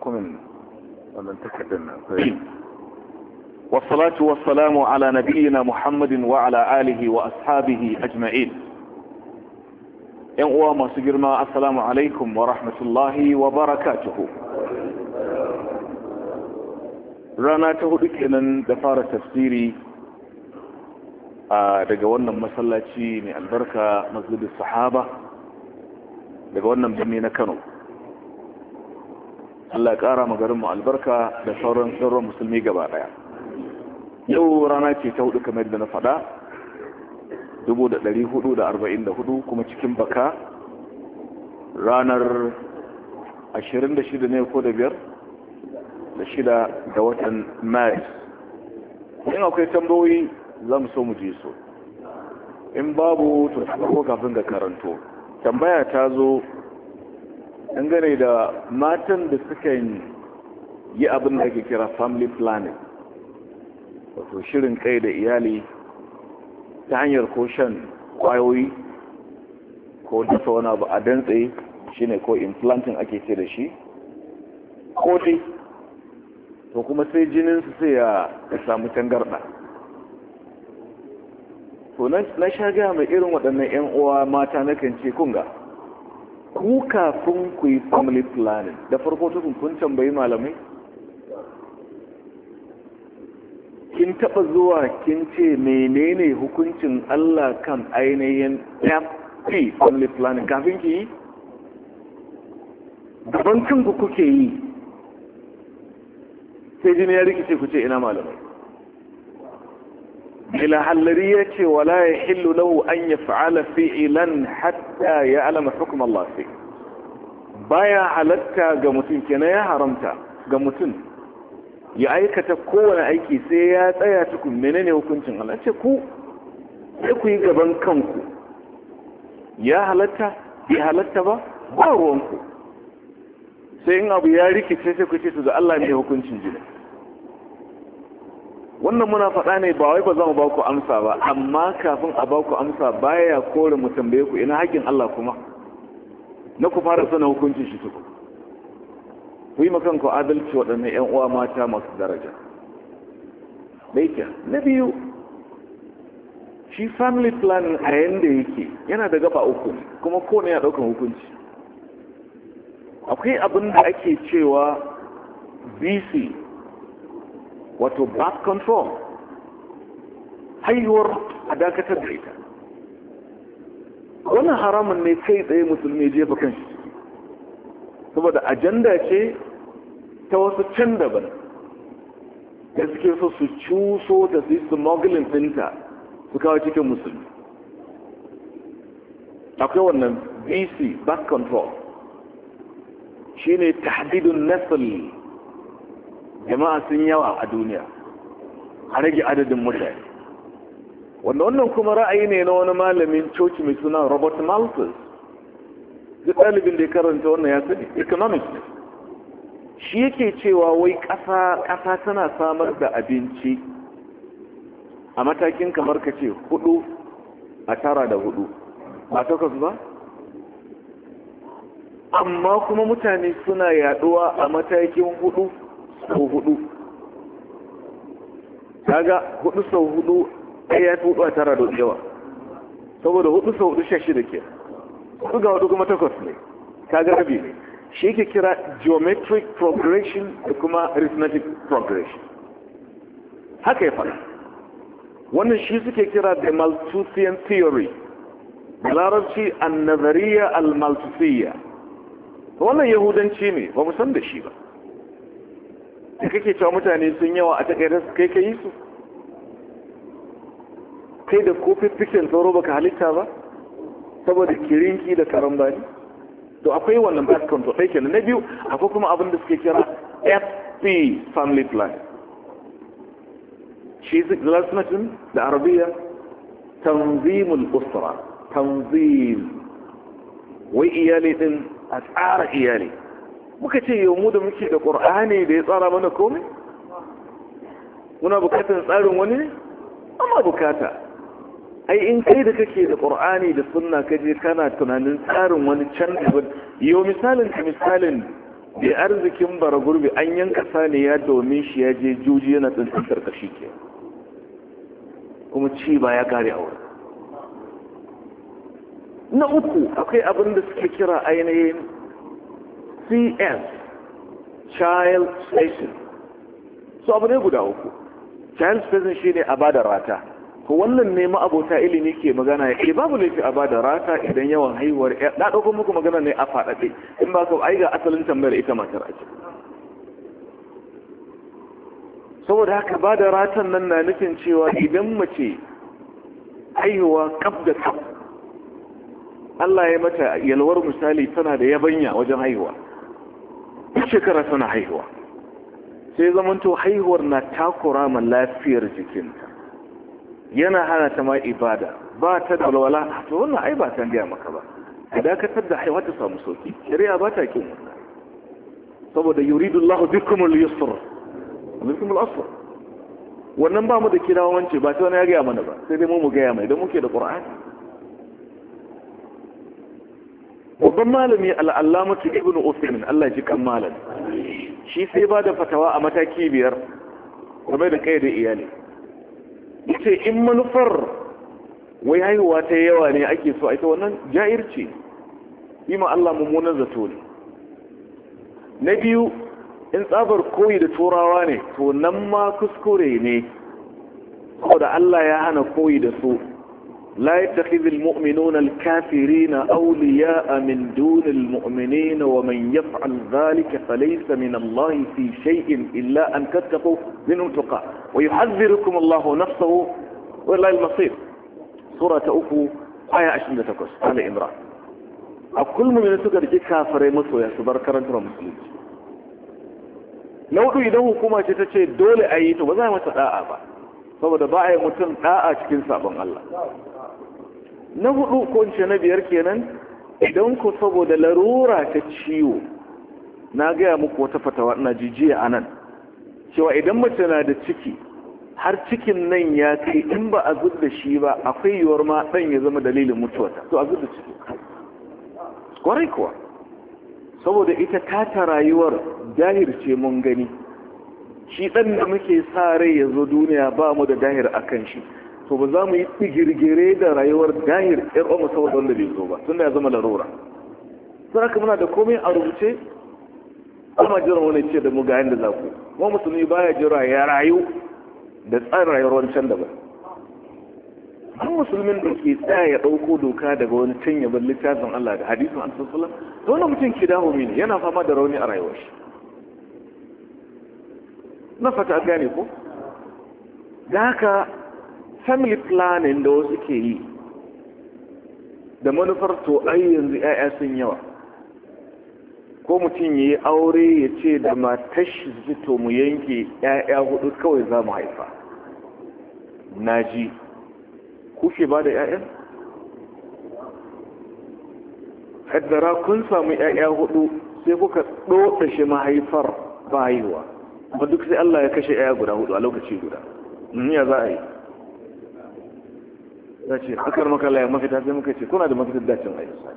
komin wannan takardar nan والصلاة والسلام على نبينا محمد وعلى آله وأصحابه أجمعين ينقوى ما سجرنا السلام عليكم ورحمة الله وبركاته رانا تهدك إنن دفار تفسيري daga wannan masallaci mai albarka masjidin sahaba daga wannan birni na Kano Allah ƙara magarinmu albarka da sauran tsoron musulmi gaba ɗaya yau rana ce ta hudu kamar da na faɗa hudu kuma cikin baka ranar 26 ne ko da biyar da shida da watan maris Yin akwai tambayoyi za mu so mu je so in babu to kafin ga karanto tambaya ta zo dangane da matan da suka yi abin da ake kira family planning wato shirin kai da iyali ta hanyar ko shan kwayoyi ko dafa wani abu a dantse shine ko implanting ake ce da shi ko dai to kuma sai jinin su sai ya samu tangarda to na sha gaya mai irin waɗannan 'yan uwa mata na kan ce kunga ku kafin ku yi family planning da farko tukun kun tambayi malamai kin taba zuwa kin ce menene hukuncin Allah kan ainihin FP family planning kafin ki yi gaban ku kuke yi sai jini ya rikice ku ce ina malamai ilahallari ya ce wala ya hillu lahu an ya fa'ala fi'ilan hatta ya alama hukum Allah fi baya halatta ga mutum kenan ya haramta ga mutum ya aikata kowane aiki sai ya tsaya tukun menene hukuncin Allah ce ku sai ku yi gaban kanku ya halatta ya halatta ba ba ruwanku sai in abu ya rikice sai ku ce su da Allah ne hukuncin jini wannan muna faɗa ne ba wai ba za mu ba ku amsa ba amma kafin a ba ku amsa baya kore mu tambaye ku ina hakkin Allah kuma na ku fara sana hukuncin shi tuku ku yi makanku adalci waɗannan ƴan uwa mata masu daraja ɗaike na biyu shi family planning a yanda yake yana da gaba uku kuma kone ya ɗaukan hukunci akwai abin da ake cewa bc wato birth control haihuwar a dakatar da ita wannan haramun ne kai tsaye musulmi jefa kan shi saboda ajanda ce ta wasu can daban da suke so su cuso da su yi smuggling ɗinta su kawo cikin musulmi akwai wannan bc back control shi ne tahdidun nasali jama'a sun yawa a duniya a rage adadin mutane wanda wannan kuma ra'ayi ne na wani malamin coci mai suna robert malthus duk ɗalibin da ya karanta wannan ya sani economics shi yake cewa wai ƙasa tana samar da abinci a matakin kamar ka ce hudu a tara da hudu ba takwas ba amma kuma mutane suna yaduwa a matakin hudu sau hudu kaga hudu sau hudu ɗaya ya fi hudu a tara da yawa saboda hudu sau hudu shashi da ke hudu ga hudu kuma takwas ne kaga rabi ne shi yake kira geometric progression da kuma arithmetic progression haka ya faɗa wannan shi suke kira da malthusian theory da larabci nazariya al malthusiyya wannan yahudanci ne ba mu san da shi ba da kake cewa mutane sun yawa a takaita su kai ka su kai da ko sauro tsoro baka halitta ba saboda kirinki da karan bani to akwai wannan birth control ɗai kenan na biyu akwai kuma abin da suke kira fp family plan shi zalatin da arabiya tanzimul usra tanzim wai iyali din a tsara iyali muka ce yau mu da muke da ƙur'ani da ya tsara mana komai muna bukatar tsarin wani ne amma bukata ai in kai da kake da ƙur'ani da sunna kaje kana tunanin tsarin wani can daban yau misalin ka misalin bi arzikin bara gurbi an yanka saniya domin shi ya je juji yana tsintsin karkashi ke kuma ci ba ya kare a wurin na uku akwai abin da suke kira ainihin cs child station so abu ne guda uku child station shi ne a bada rata ko wannan ne ma'abota ilimi ke magana ya ke babu laifi a bada rata idan yawan haihuwar ya na ɗaukar muku magana ne a faɗaɗe in ba ka ai ga asalin tambayar ita matar ake saboda haka bada ratan nan na nufin cewa idan mace haihuwa kaf da kaf Allah ya mata yalwar misali tana da yabanya wajen haihuwa shekara suna haihuwa sai to haihuwar na takura ma lafiyar jikinta yana hana ta ma ibada ba ta da walwala to wannan ai ba ta biya maka ba a dakatar da haihuwa ta samu sauki shari'a ba ta kin wannan saboda Allahu bikum al-yusr bikum al-asr wannan ba mu da kirawanci ba ta wani ya ga mana ba sai dai mu mu gaya mai don muke da qur'ani babban malami al'allamatu ibn usaimin Allah ji kan malam shi sai ba da fatawa a mataki biyar game da kai da iyali yace in manufar wai haihuwa ta yawa ne ake so A ita wannan ce yi ma Allah mummunan zato ne na biyu in tsabar koyi da turawa ne to nan ma kuskure ne saboda Allah ya hana koyi da su لا يتخذ المؤمنون الكافرين أولياء من دون المؤمنين ومن يفعل ذلك فليس من الله في شيء إلا أن تتقوا منهم تقى ويحذركم الله نفسه والله المصير سورة أكو آية أشمدة تكوش آل إمران أكل من تقر جي كافر مصر يا سبر كرنتنا مسلم لو إذا كما تتشي دول أيتو وزا ما تقاعبا saboda ba a yi mutum ɗa'a cikin sabon Allah na hudu ko ce na biyar kenan idan ku saboda larura ta ciwo na gaya muku wata fatawa ina jijiya a nan cewa idan mace na da ciki har cikin nan ya kai in ba a zub da shi ba akwai yiwuwar ma ɗan ya zama dalilin mutuwata to a zub da ciki kwarai kuwa saboda ita tata rayuwar dahir ce mun gani shi ɗan da muke sa rai ya zo duniya ba mu da dahir a kan shi to ba za mu yi digirgire da rayuwar gahir yar uwa saboda wanda bai zo ba da ya zama larura sai haka muna da komai a rubuce amma jiran wani ce da mu ga yanda za ku mu musulmi baya jira ya rayu da tsarin rayuwar can daban an musulmin da ke tsaya ya ɗauko doka daga wani can ya bar littafin Allah da hadisin an sassala da wani mutum ke dawo mini yana fama da rauni a rayuwar shi na fata gane ko da haka family planning da wasu ke yi da manufar to ai yanzu 'ya'ya sun yawa ko mutum ya yi aure ya ce da matashi to mu yanke 'ya'ya hudu kawai za mu haifa na ji kuke ba da 'ya'yan? Haddara kun samu 'ya'ya hudu sai kuka ɗoɗa shi mahaifar bayuwa ba duk sai Allah ya kashe 'ya'ya guda hudu a lokaci guda ya za a yi ya ce akar maka laye mafita sai muka ce kuna da mafitar dacin a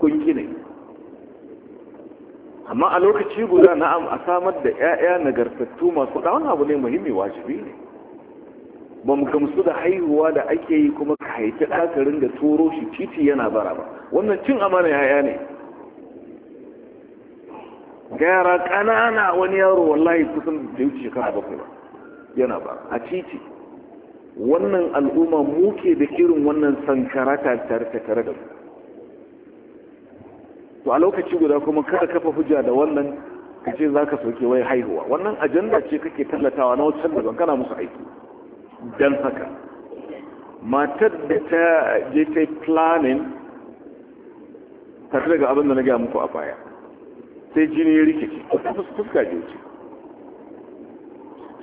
kun ki yi. amma a lokaci guda na'am a samar da 'ya'ya nagartattu masu da wani abu ne muhimmi wajibi ne ba mu gamsu da haihuwa da ake yi kuma ka haifi ɗakarin da toro shi titi yana bara ba wannan cin amana 'ya'ya ne ga yara ƙanana wani yaro wallahi kusan da wuce shekara bakwai ba yana bara a titi wannan al'umma muke da irin wannan sankarata tare ta tare da mu to a lokaci guda kuma kada kafa hujja da wannan ka ce za ka sauke wai haihuwa wannan ajanda ce kake tallatawa na wacce daban kana musu aiki don haka matar da ta je ta yi planning tafi daga abin da na gaya muku a baya sai jini ya rikici fuska je ce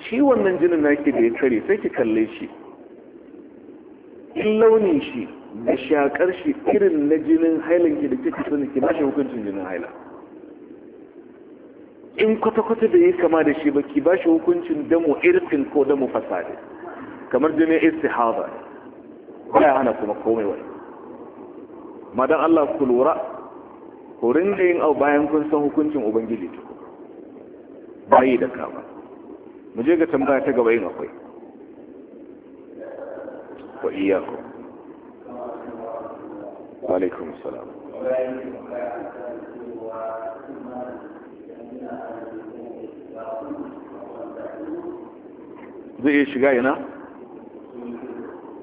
shi wannan jinin naki da ya kare sai ki kalle shi in launin shi da shakar shi irin na jinin hailan ki da kike sani ki bashi hukuncin jinin haila in kwata-kwata da yi kama da shi ba ki bashi hukuncin damu irfin ko damu fasade kamar jini jinin haza ba ya hana kuma komai wani madan Allah ku lura ku da yin au bayan kun san hukuncin ubangiji tuku bayi da kama mu je ga tambaya ta gaba yin akwai وإياكم وعليكم السلام zai iya shiga yana?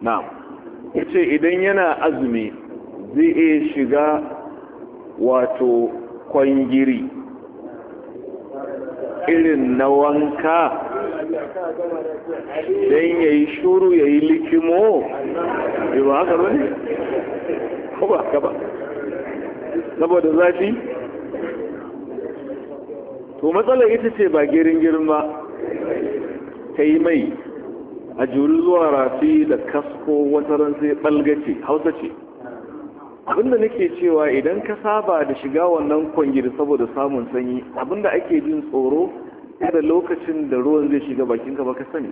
na'am ce idan yana azumi zai iya shiga wato kwangiri irin na wanka don ya yi shuru ya yi likimo yi ba ba ne? ko ba haka ba saboda zafi to matsalar ita ce ba girin girma ta yi mai a juri zuwa rafi da kasko wata ran sai balgace hausa ce abinda nake cewa idan ka saba da shiga wannan kwangiri saboda samun sanyi abinda ake jin tsoro da lokacin da ruwan zai shiga bakinka ba ka sani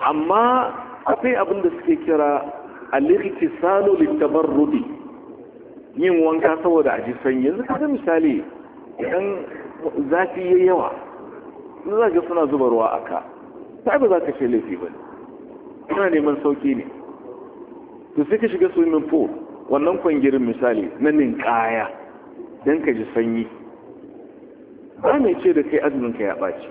amma akwai abin da suke kira sano littabar rudi yin wanka saboda aji sanyi yanzu kaga misali idan zafi yayi yawa za suna zuba ruwa a ka, ta ba za ka ce laifi ba suna neman sauki ne to sai ka shiga swimming pool wannan kwangirin misali na ninkaya don ka ji sanyi ba mai ce da kai azumin ya ɓaci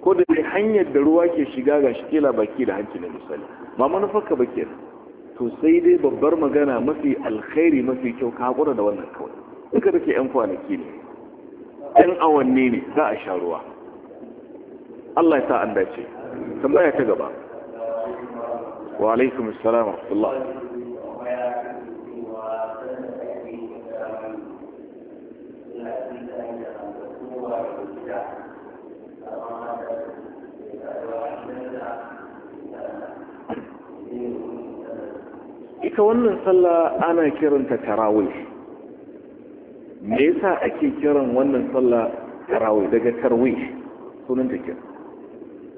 ko da dai hanyar da ruwa ke shiga ga shi kila baki da hanci na misali ma manufar ka baki to sai dai babbar magana mafi alkhairi mafi kyau ka haƙura da wannan kawai duka da ke yan kwanaki ne yan awanni ne za a sha ruwa Allah ya sa an dace tambaya ta gaba wa alaikum assalam wa rahmatullah ita wannan sallah ana kiranta tarawih me yasa ake kiran wannan sallah tarawih daga tarwih sunan take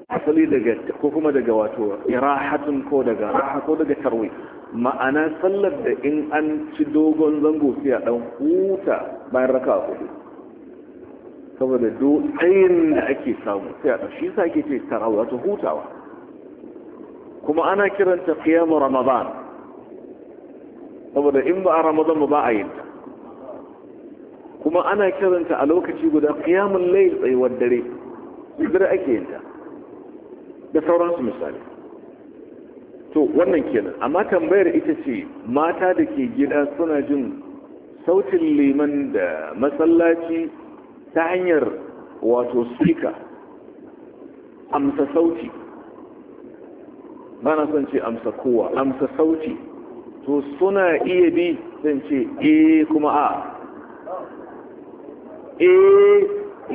asali daga ko kuma daga wato irahatun ko daga raha ko daga tarwih ma'ana sallar da in an ci dogon zango sai a dan huta bayan raka'a hudu saboda tsayin da ake samu sai a ɗashi sa ake ce tarawa ta hutawa kuma ana kiranta qiyamu ramadan saboda in ba a ramadan ba a yin ta kuma ana kiranta a lokaci guda qiyamul layl tsayuwar dare dare ake yin ta da sauransu misali to wannan kenan amma tambayar ita ce mata da ke gida suna jin sautin liman da masallaci ta hanyar wato sika amsa sauti ba na son ce amsa kowa amsa sauti to suna iya bi zan ce e kuma a e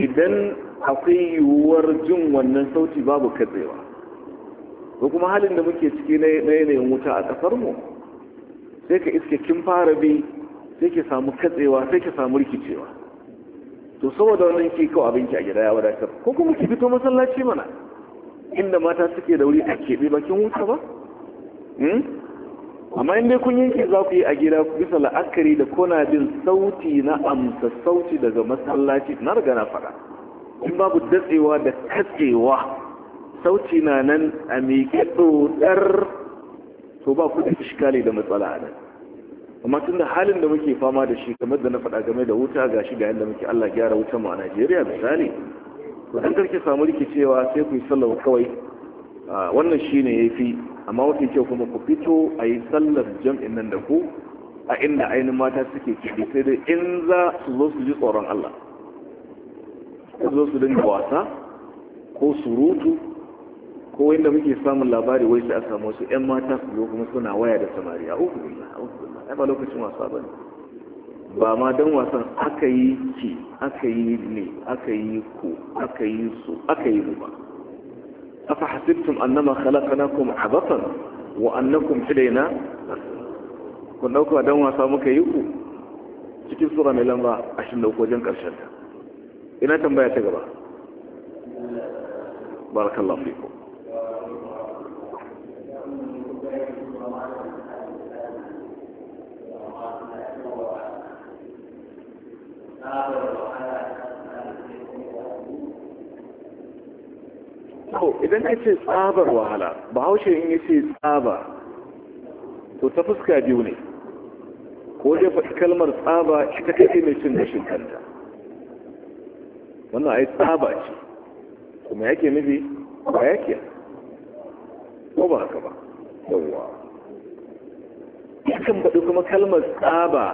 idan akwai yiwuwar jin wannan sauti babu katsewa ko kuma halin da muke ciki na yanayin wuta a ƙasar mu sai ka iske kin fara bi sai ke samu katsewa sai ke samu rikicewa to saboda wannan ke kawo abinci a gida ya wadatar ko kuma ki fito masallaci mana inda mata suke da wuri a keɓe bakin wuta ba hmm? amma in dai kun yanke za ku yi a gida bisa la'akari da kona bin sauti na amsa sauti daga masallaci na riga na faɗa in babu datsewa da katsewa sauti na nan a miƙe ɗodar to ba ku da iskali da matsala a nan amma tun da halin da muke fama da shi kamar da na faɗa game da wuta ga shi ga yadda muke Allah gyara wuta mu a Najeriya misali to dan karke samu rikicewa sai ku yi sallah kawai wannan shine yafi amma wata kyau kuma ku fito a yi sallar jam'in nan da ku a inda ainihin mata suke kiɗi sai dai in za su zo su ji tsoron Allah su zo su dinga wasa ko surutu ko inda muke samun labari wai sai a samu wasu 'yan mata su zo kuma suna waya da samari uku ai ba lokacin wasa ba ba ma don wasan aka yi ki aka yi ne aka yi ku aka yi su aka yi mu ba afa hasibtum annama khalaqnakum abatan wa annakum ilayna kun dauka dan wasa muka yi ku cikin sura mai lamba 23 wajen karshen ta ina tambaya ta gaba barakallahu fikum to idan ka ce tsabar wahala ba haushe in ya ce tsaba to ta fuska biyu ne ko dai faɗi kalmar tsaba ita kai mai cin gashin kanta wannan ai tsaba ce kuma yake nufi ba yake ko ba haka ba yawwa yakan faɗi kuma kalmar tsaba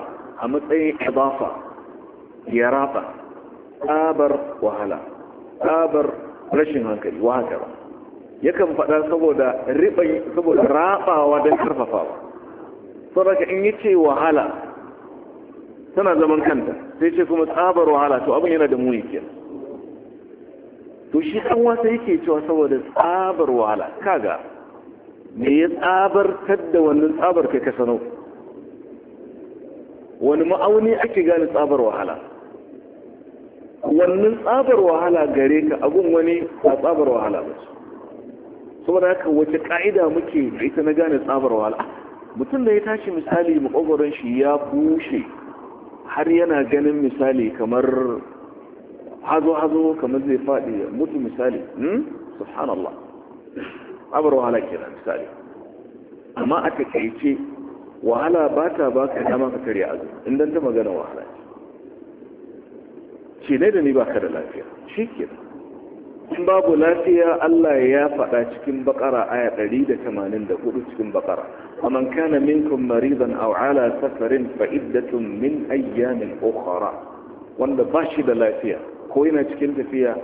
a matsayin idafa ya raba tsabar wahala tsabar rashin hankali wa ba yakan faɗa saboda ribai saboda rabawa don karfafawa saboda in yi ce wahala tana zaman kanta sai ce kuma tsabar wahala to abin yana da muni ke to shi kan wasa yake cewa saboda tsabar wahala kaga me ya tsabartar da wannan tsabar kai ka sano wani ma'auni ake gane tsabar wahala wannan tsabar wahala gare ka abin wani a tsabar wahala ba su saboda haka wace ka'ida muke da ita na gane tsabar wahala ah, mutum da ya tashi misali makogoron shi ya bushe har yana ganin misali kamar hazo-hazo kamar zai faɗi mutu misali hmm? subhanallah tsabar wahala na misali amma a takaice wahala ba ta ba ka dama ka karya azu inda ta magana wahala ce shi ne da lafiya shi in babu lafiya Allah ya faɗa cikin bakara aya 184 cikin bakara aman kana minkum maridan aw ala safarin fa iddatun min ayyamin ukhra wanda ba da lafiya ko yana cikin tafiya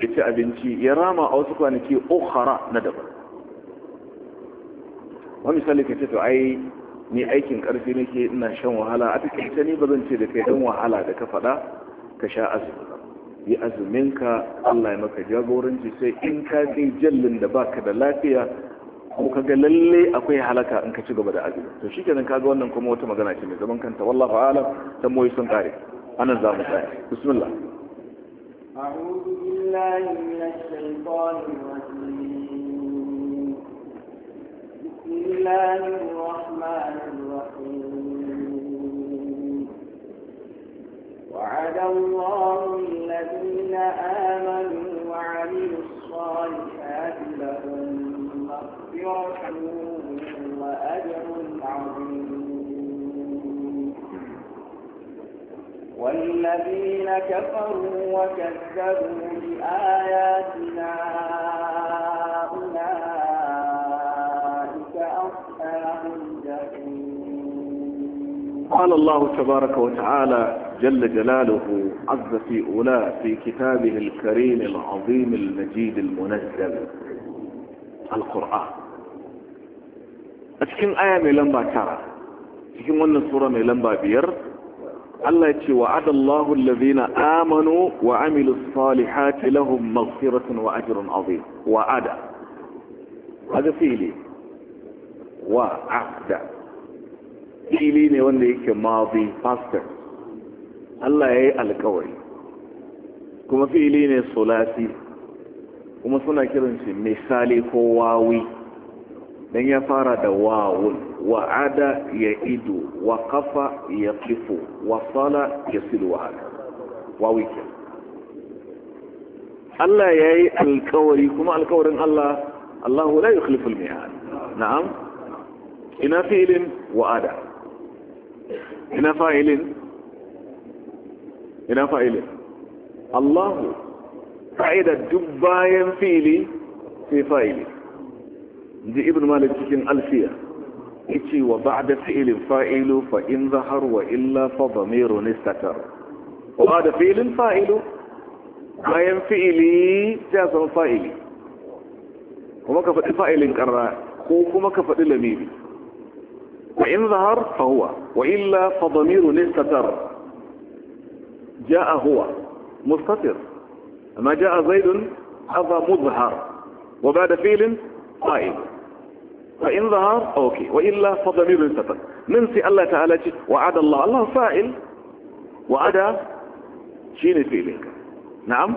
da ci abinci ya rama a wasu kwanaki ukhra na daban wani misali ka ce to ai ni aikin karfi nake ina shan wahala a takaice ba zan ce da kai dan wahala da ka faɗa ka sha azumi yi azuminka Allah ya maka jagoranci sai in ka kai jallin da baka da lafiya ko ka ga lalle akwai halaka in ka ci gaba da azumi to shikenan kaga wannan kuma wata magana ce mai zaman kanta wallahu alam dan moyi sun kare anan za mu tsaya bismillah a'udhu بالله من الشيطان الرجيم بسم الله الذين آمنوا وعملوا الصالحات لهم مغفرة وأجر عظيم والذين كفروا وكذبوا بآياتنا أولئك أصحاب الجحيم قال الله تبارك وتعالى جل جلاله عز في أولاه في كتابه الكريم العظيم المجيد المنزل القرآن أتكين آية لما ترى أتكين وانا سورة لما بير الله يتشي وعد الله الذين آمنوا وعملوا الصالحات لهم مغفرة وأجر عظيم وعد هذا فيلي وعد فيلي وانا ماضي فاستر Allah ya yi alkawari kuma fi'ili ne sulasi kuma suna kiran shi misali ko wawi dan ya fara da wawun wa'ada ya ido wa kafa ya kifu wa sala ya silu wa wawi ke Allah ya yi alkawari kuma alkawarin Allah Allahu la yukhlifu al na'am ina fi'ilin wa'ada ina fa'ilin ina fa'ili Allahu fa'ida duk bayan fili sai fa'ili ji ibn malik cikin alfiya yace wa ba'da fi'lin fa'ilu fa in zahar wa illa fa dhamirun istatar ba da fi'lin fa'ilu bayan fi'ili ya san fa'ili kuma ka faɗi fa'ilin karra ko kuma ka faɗi lamini? wa in zahar fa huwa wa illa fa dhamirun istatar جاء هو مستتر أما جاء زيد هذا مظهر وبعد فيل قائد فإن ظهر أوكي وإلا فضمير ستر ننسي الله تعالى وعد الله الله فاعل وعد شين فيلك نعم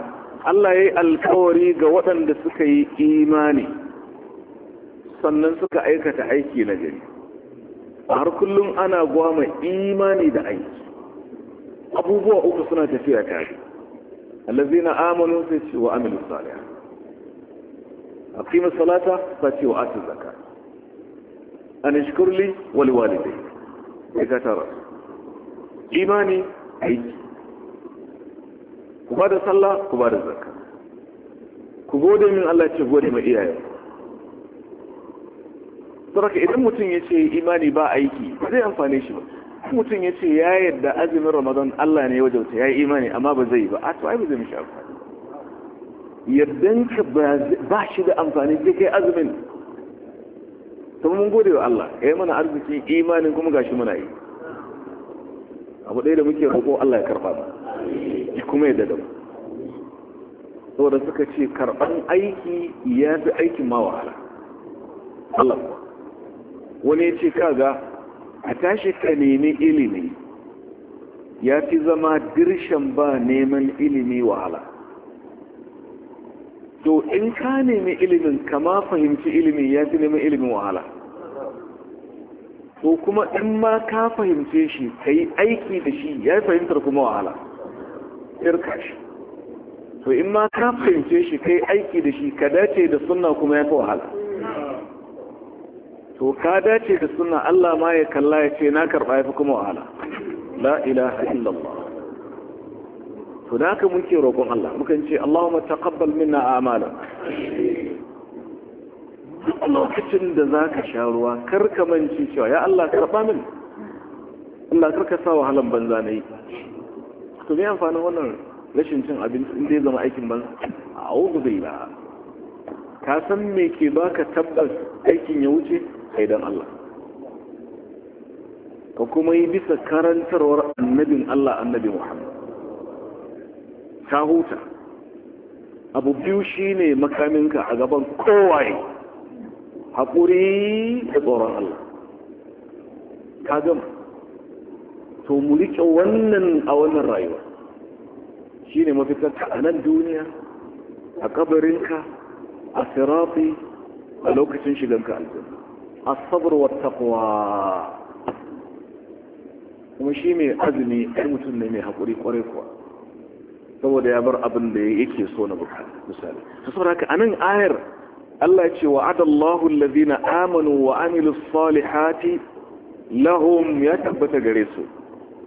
الله يي الكوري قوة لسكي إيماني sannan suka aikata aiki na gari har kullum ana gwama imani da aiki abubuwa uku suna tafiya tare na amanu sai ce wa amilu A aqima salata sai ce wa atu zakat an ishkur li wal ya ka tara imani aiki ku ba da sallah ku ba da zakka ku gode min Allah ce gode ma iyaye saboda idan mutum ya ce imani ba aiki ba zai amfane shi ba mutum ya ce ya yadda azumin ramadan Allah ne wajauta ya yi imani amma ba zai ba a to ai ba zai mishi amfani ka ba shi da amfani sai kai azumin ta mun gode wa Allah ya yi mana arziki imanin kuma gashi muna yi abu ɗaya da muke roƙo Allah ya karɓa ba ji kuma yadda da mu saboda suka ce karɓan aiki ya fi aikin ma wahala Allah kuwa wani ya ce kaga a tashi ka nemi ilimi ya fi zama dirshan ba neman ilimi wahala to in ka nemi ilimin kama fahimci ilimi ya fi neman ilimin wahala ko kuma in ma ka fahimce shi ka yi aiki da shi ya fahimtar kuma wahala irka shi to in ma ka fahimce shi ka yi aiki da shi ka dace da suna kuma ya fi wahala to ka dace da suna Allah ma ya kalla ya ce na karɓa ya fi kuma wahala la ilaha illallah to da haka muke roƙon Allah mukan ce Allahumma taqabbal minna a'mala duk lokacin da zaka sha ruwa kar ka manci cewa ya Allah karɓa min Allah kar ka sa wahalan banza nayi to me amfanin wannan rashin cin abinci in dai zama aikin banza bai ba. ka san me ke baka tabbas aikin ya wuce kai Allah ka kuma yi bisa karantarwar annabin Allah annabi Muhammad ta huta abu biyu shine makaminka a gaban kowaye haƙuri da tsoron Allah ka gama to mu wannan a wannan rayuwa shine mafitarka a nan duniya a kabarinka a sirafi a lokacin shiganka aljanna الصبر والتقوى kuma shi mai azumi ɗan mutum ne mai haƙuri ƙwarai kuwa saboda ya bar abin da yake so na buka misali ta saboda haka anan ayar Allah ce wa adallahu allazina amanu wa amilus salihati lahum ya tabbata gare su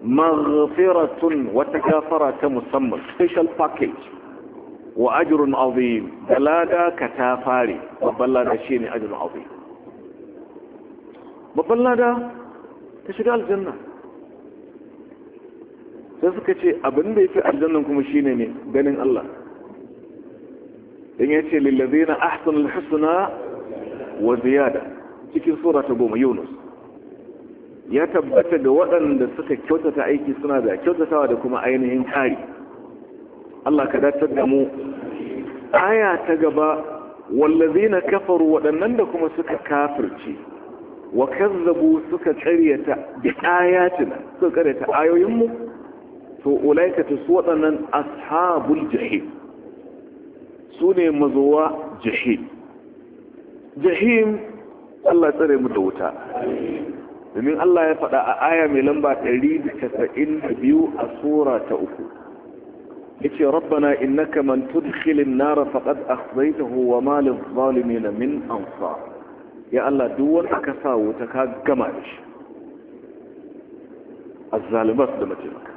maghfiratun wata gafara ta musamman special package wa ajrun azim da lada ka ta fare babban lada shine ajrun azim babban lada ta shiga aljanna sai suka ce abin da ya fi aljannan kuma shi ne ganin Allah in ya ce lillazi na ahsan alhassana wa ziyada cikin sura ta goma yunus ya tabbata ga waɗanda suka kyautata aiki suna da kyautatawa da kuma ainihin kari Allah ka datar da mu aya ta gaba wallazi na kafaru waɗannan da kuma suka kafirce wa kazzabu suka karyata bi ayatina suka karyata ayoyinmu to ulaika ta su waɗannan ashabul jahim su ne mazowa jahim jahim Allah tsare mu da wuta domin Allah ya faɗa a aya mai lamba 192 a sura ta uku yace rabbana innaka man tudkhilin nar faqad akhzaytahu wa ma lil zalimin min ansar ya Allah duk wanda ka sa wuta ka gama da shi azzalimat da mace maka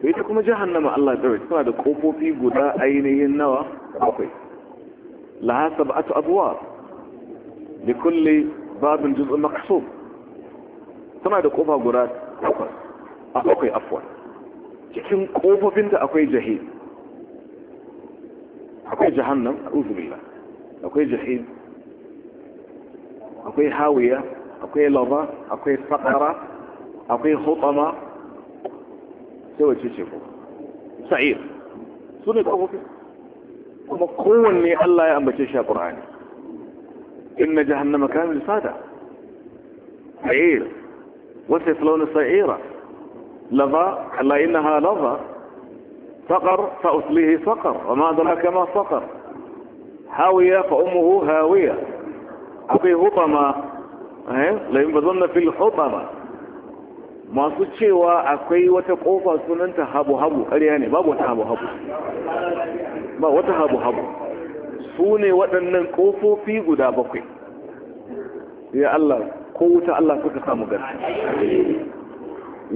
to ita kuma jahannama Allah da tana da kofofi guda ainihin nawa bakwai la hasabatu abwab li kulli babin juz'un maqsum tana da kofa guda takwas a bakwai afwan cikin kofofin da akwai jahil akwai jahannam a'udhu billah akwai jahil أقول هاوية أقول لضة أقول فقرة أقول خطمة سوى شيء شيء سعير سنة أقول ومقوني ألا يا يأمت شيء قرآني إن جهنم كان للفادة سعير وصف لون السعيرة لضة ألا إنها لضة فقر فأصليه فقر وما أدراك ما فقر هاوية فأمه هاوية akwai hubama eh, layin ba zonna fil hubama masu cewa akwai wata kofa sunanta habu-habu ƙarya ne babu wata habu-habu ba wata habu-habu su ne waɗannan ƙofofi guda bakwai ya Allah ko wuta Allah suka samu gari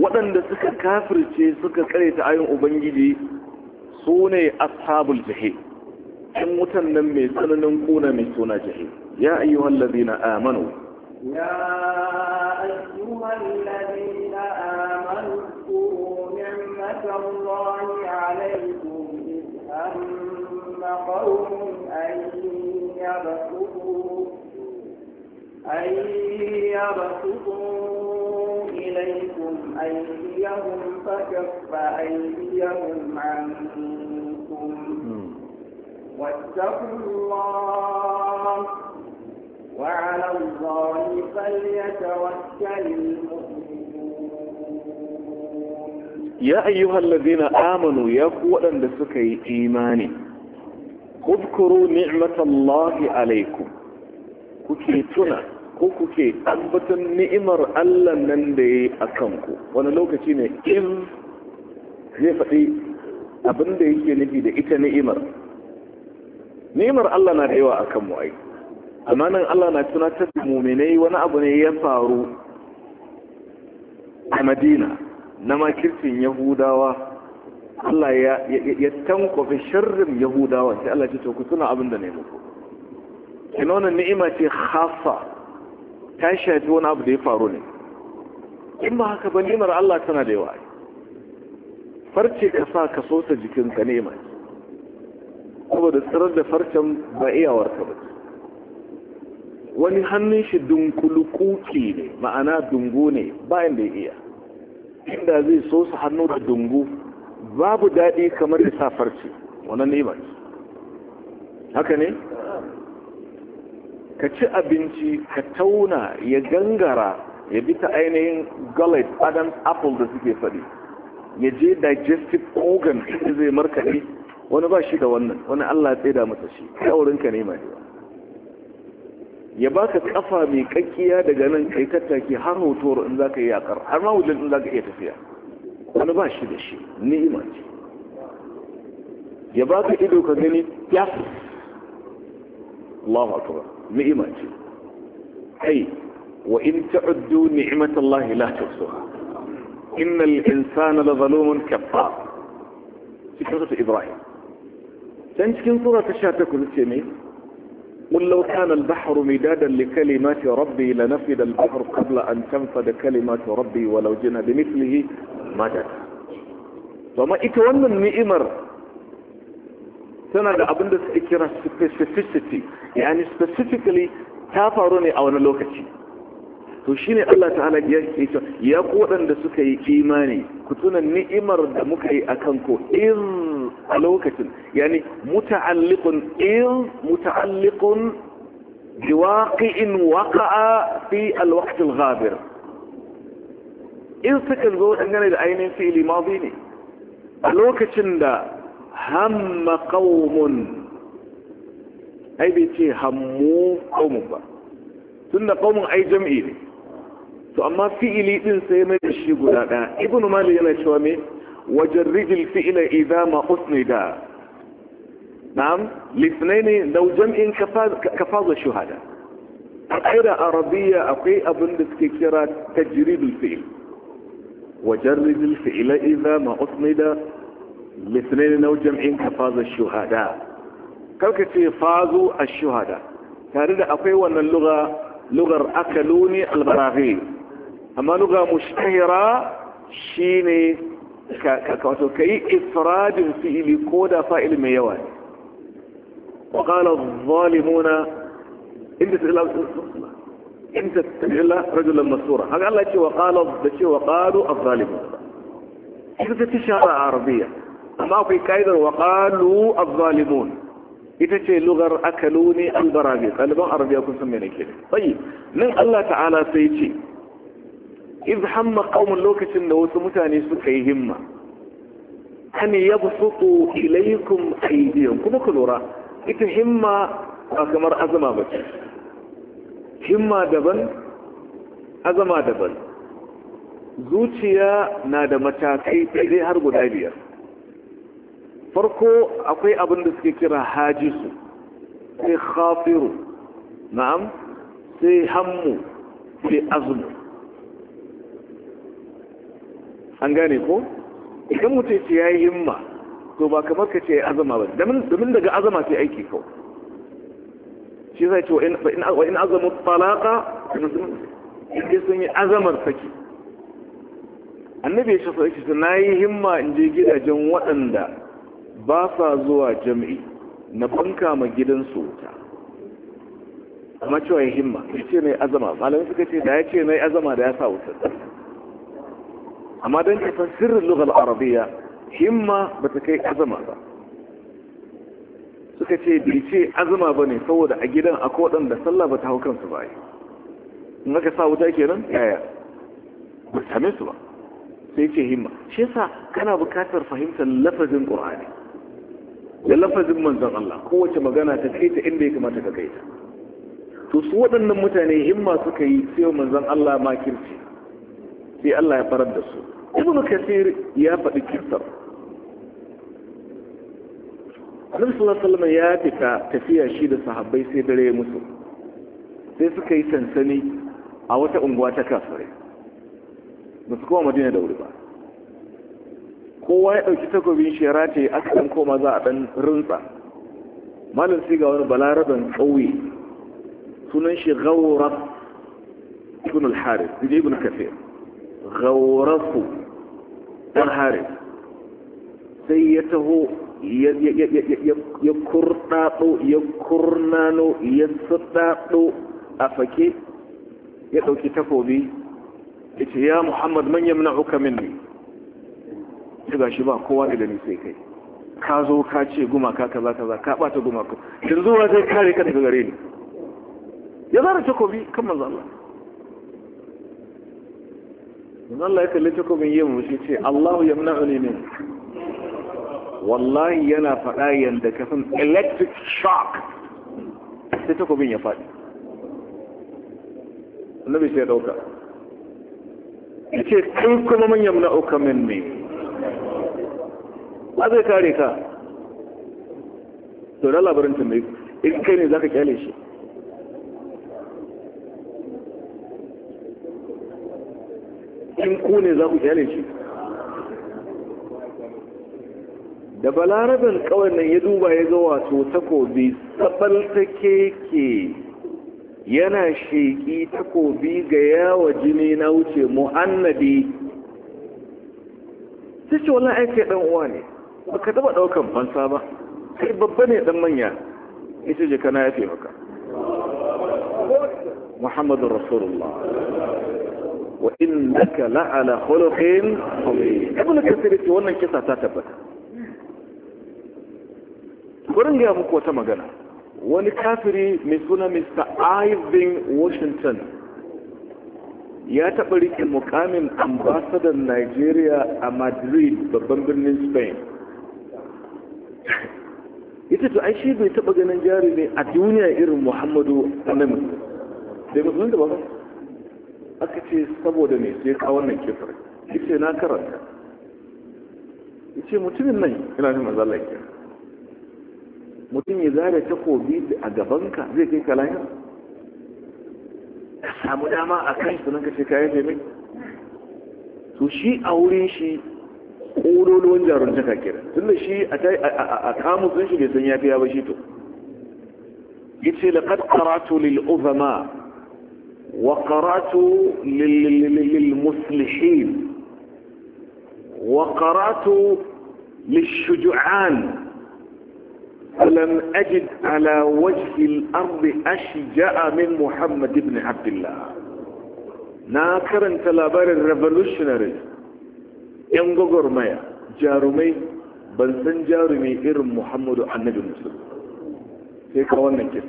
waɗanda suka kafirce suka ta ayin ubangiji su ne ashabul jahe in wutan nan mai tsananin kuna mai suna jahe يا أيها الذين آمنوا يا أيها الذين آمنوا اذكروا نعمة الله عليكم إذ أم قوم أن يبسطوا أن يبسطوا إليكم أيديهم فكف أيديهم عنكم واتقوا الله Ya الله فليتوكل Amanu أيها الذين آمنوا يا قوة لسكي إيماني اذكروا نعمة الله عليكم كي تنا ko kuke ambatan ni'imar Allah nan da ya yi a kanku wani lokaci ne in zai faɗi abin da yake nufi da ita ni'imar ni'imar Allah na da yawa a kanmu ai amma nan Allah na tunatar da muminai wani abu ne ya faru a madina na makircin yahudawa Allah ya tankwafi shirin yahudawa sai Allah ce to ku suna abin da ne muku ina wannan ni'ima ce hafa ta shafi wani abu da ya faru ne in ba haka ba ni'imar Allah tana da yawa farce ka sa ka sosa jikinka ni'ima saboda tsirar da farcen ba ka ba ce wani hannun shi dunkulukuki ne ma'ana dungu ne bayan da iya inda zai so su hannu da dungu babu daɗi kamar da safarci wani ne haka ne ka ci abinci ka tauna ya gangara ya bi ta ainihin gullet adam apple da suke faɗi ya je digestive organ zai markaɗe wani ba shi da wannan wani allah tsaye da masa shi kaurinka ne ba ya baka kafa mai kakkiya daga nan kai tattaki har hotoro in zaka yi yakar har ma wajen in za ka iya tafiya wani ba shi da shi ni'ima ce ya baka ido ka gani ya Allahu akbar ni'ima ce ai wa in ta'uddu ni'matallahi la tuhsuha innal insana la zalumun kafar cikin sura Ibrahim can cikin sura ta 18 ce me قل لو na البحر مدادا لكلمات ربي لنفد البحر قبل أن تنفد كلمات ربي ولو جنى بمثله مدد فما إتوانا نئمر Tana da abin da suke kira specificity, yani specifically ta faru ne a wani lokaci. To shi ne Allah ta'ala ya ke ya ku waɗanda suka yi imani, ku tuna ni'imar da muka yi a kanku in a lokacin yani muta'alliqun il muta'alliqun biwaqi'in waqa'a fi alwaqt alghabir in suka zo dangane da ainihin fi'ili madi ne a lokacin da hamma qaumun ai bai ce hammu qaumun ba tunda qaumun ai jam'i ne to amma fi'ili din sai mai shi guda daya ibnu mali yana cewa me وجرد الفئل إذا ما أسند نعم الاثنين لو جمع كفاض الشهداء أخيرا عربية أخي أبن تذكرة تجريد الفئل وجرد الفئل إذا ما أسند الاثنين لو جمع كفاض الشهداء كيف فاضوا الشهداء تارد أخي وأن اللغة لغة أكلوني البراغي أما لغة مشتهرة شيني ka wato ka yi ifradin fi'ili ko da fa'il mai yawa wa qala zalimuna inda ta Inda in tattabi'illa rajulan masura haka Allah ce wa qala da ce wa qalu az-zalimun ita ta ci shara a arabiya amma akwai kaidar wa qalu az-zalimun ita ce lugar akaluni al-barabi ɗaliban arabiya kun san me nake tayi nan Allah ta'ala sai ce iz hamma qaumun lokacin da wasu mutane suka yi himma an yabsutu ilaykum aydiyum kuma ku lura ita himma ba kamar azama ba ce himma daban azama daban zuciya na da matakai ɗaya har guda biyar farko akwai abin da suke kira hajisu sai khafiru na'am sai hammu sai azmu an gane ko idan mutum ce ya yi himma to ba kamar ka ce azama ba domin daga azama sai aiki kawai shi zai ce wa in azamu talaka inda sun yi azamar saki annabi ya shafa su na yi himma in je gidajen waɗanda ba sa zuwa jami'i na banka ma gidansu wuta amma cewa ya himma ya ce na yi azama malamai suka ce da ya ce na yi azama da ya sa wuta amma don ka san sirrin lugar arabiya himma ba ta kai azama ba suka ce bai ce azama ba ne saboda a gidan akwai waɗanda sallah ba ta hau kansu ba yi in aka sa wuta kenan yaya ba same su ba sai ce himma shi yasa kana bukatar fahimtar lafazin qur'ani da lafazin manzon Allah kowace magana ta kai ta inda ya kamata ka kai ta to su waɗannan mutane himma suka yi sai manzon Allah makirci sai Allah ya farar da su ibn kathir ya faɗi kisar annabi sallallahu alaihi wasallam ya fita tafiya shi da sahabbai sai dare musu sai suka yi sansani a wata unguwa ta kasare ba su koma madina da wuri ba kowa ya ɗauki takobin shera ce aka ɗan koma za a ɗan rinsa malin sai ga wani balaraban ƙauye sunan shi gaurar ibn al-harith ibn kafir gaurasu ɗan haris sai ya taho ya kurɗaɗo ya kurnano ya saɗaɗo a fake ya ɗauki takobi ya ce ya muhammad man yamna uka minni ta shi ba kowa da ni sai kai ka zo ka ce gumaka kaza kaza ka bata gumaka yanzu wa zai kare ka daga gare ni ya zara takobi kan manzo Allah in Allah ya kalli takobin yi mu ce Allahu ya yamna'uni min wallahi yana faɗa ka kafin electric shock sai takobin ya faɗi annabi sai ya ɗauka dauka ce kai kuma man yamna'uka min ne ba zai kare ka to da labarin tambayi in kai ne zaka kyale shi in ku ne za ku kyale shi da balarabin kawai nan ya duba ya ga wato takobi sabal take yana sheki takobi ga yawa jini na wuce mu'annadi Ta ce wani aiki ɗan uwa ne ba ka taba ɗaukan fansa ba kai babba ne ɗan manya Ya ce jikana ya fi maka Muhammadu rasulullah wa innaka la'ala khuluqin ibn kathir ce wannan kisa ta tabbata kurin ga muku wata magana wani kafiri mai suna Mr. Irving Washington ya taɓa rike mukamin ambasadar Nigeria a Madrid babban birnin Spain ita to ai shi bai taɓa ganin jari ne a duniya irin Muhammadu Annabi sai musulun da ba aka ce saboda ne sai ka wannan kifar ce na karanta ce mutumin nan yana jin manzo Allah mutum ya zare takobi a gabanka zai kai ka ya samu dama a kan su nan ka ce kayan jami su shi a wurin shi ƙololuwan jarun ta kira tun da shi a kamusun shi bai sun ya fiya ba shi to ya ce laƙad karatu lil'uzama وقرأت للمصلحين وقرأت للشجعان فلم أجد على وجه الأرض أشجع من محمد بن عبد الله ناكرا تلابار الريفولوشنري ينقر ميا جارمي بل سن جارمي إرم محمد النبي المسلم هيك وانا كيف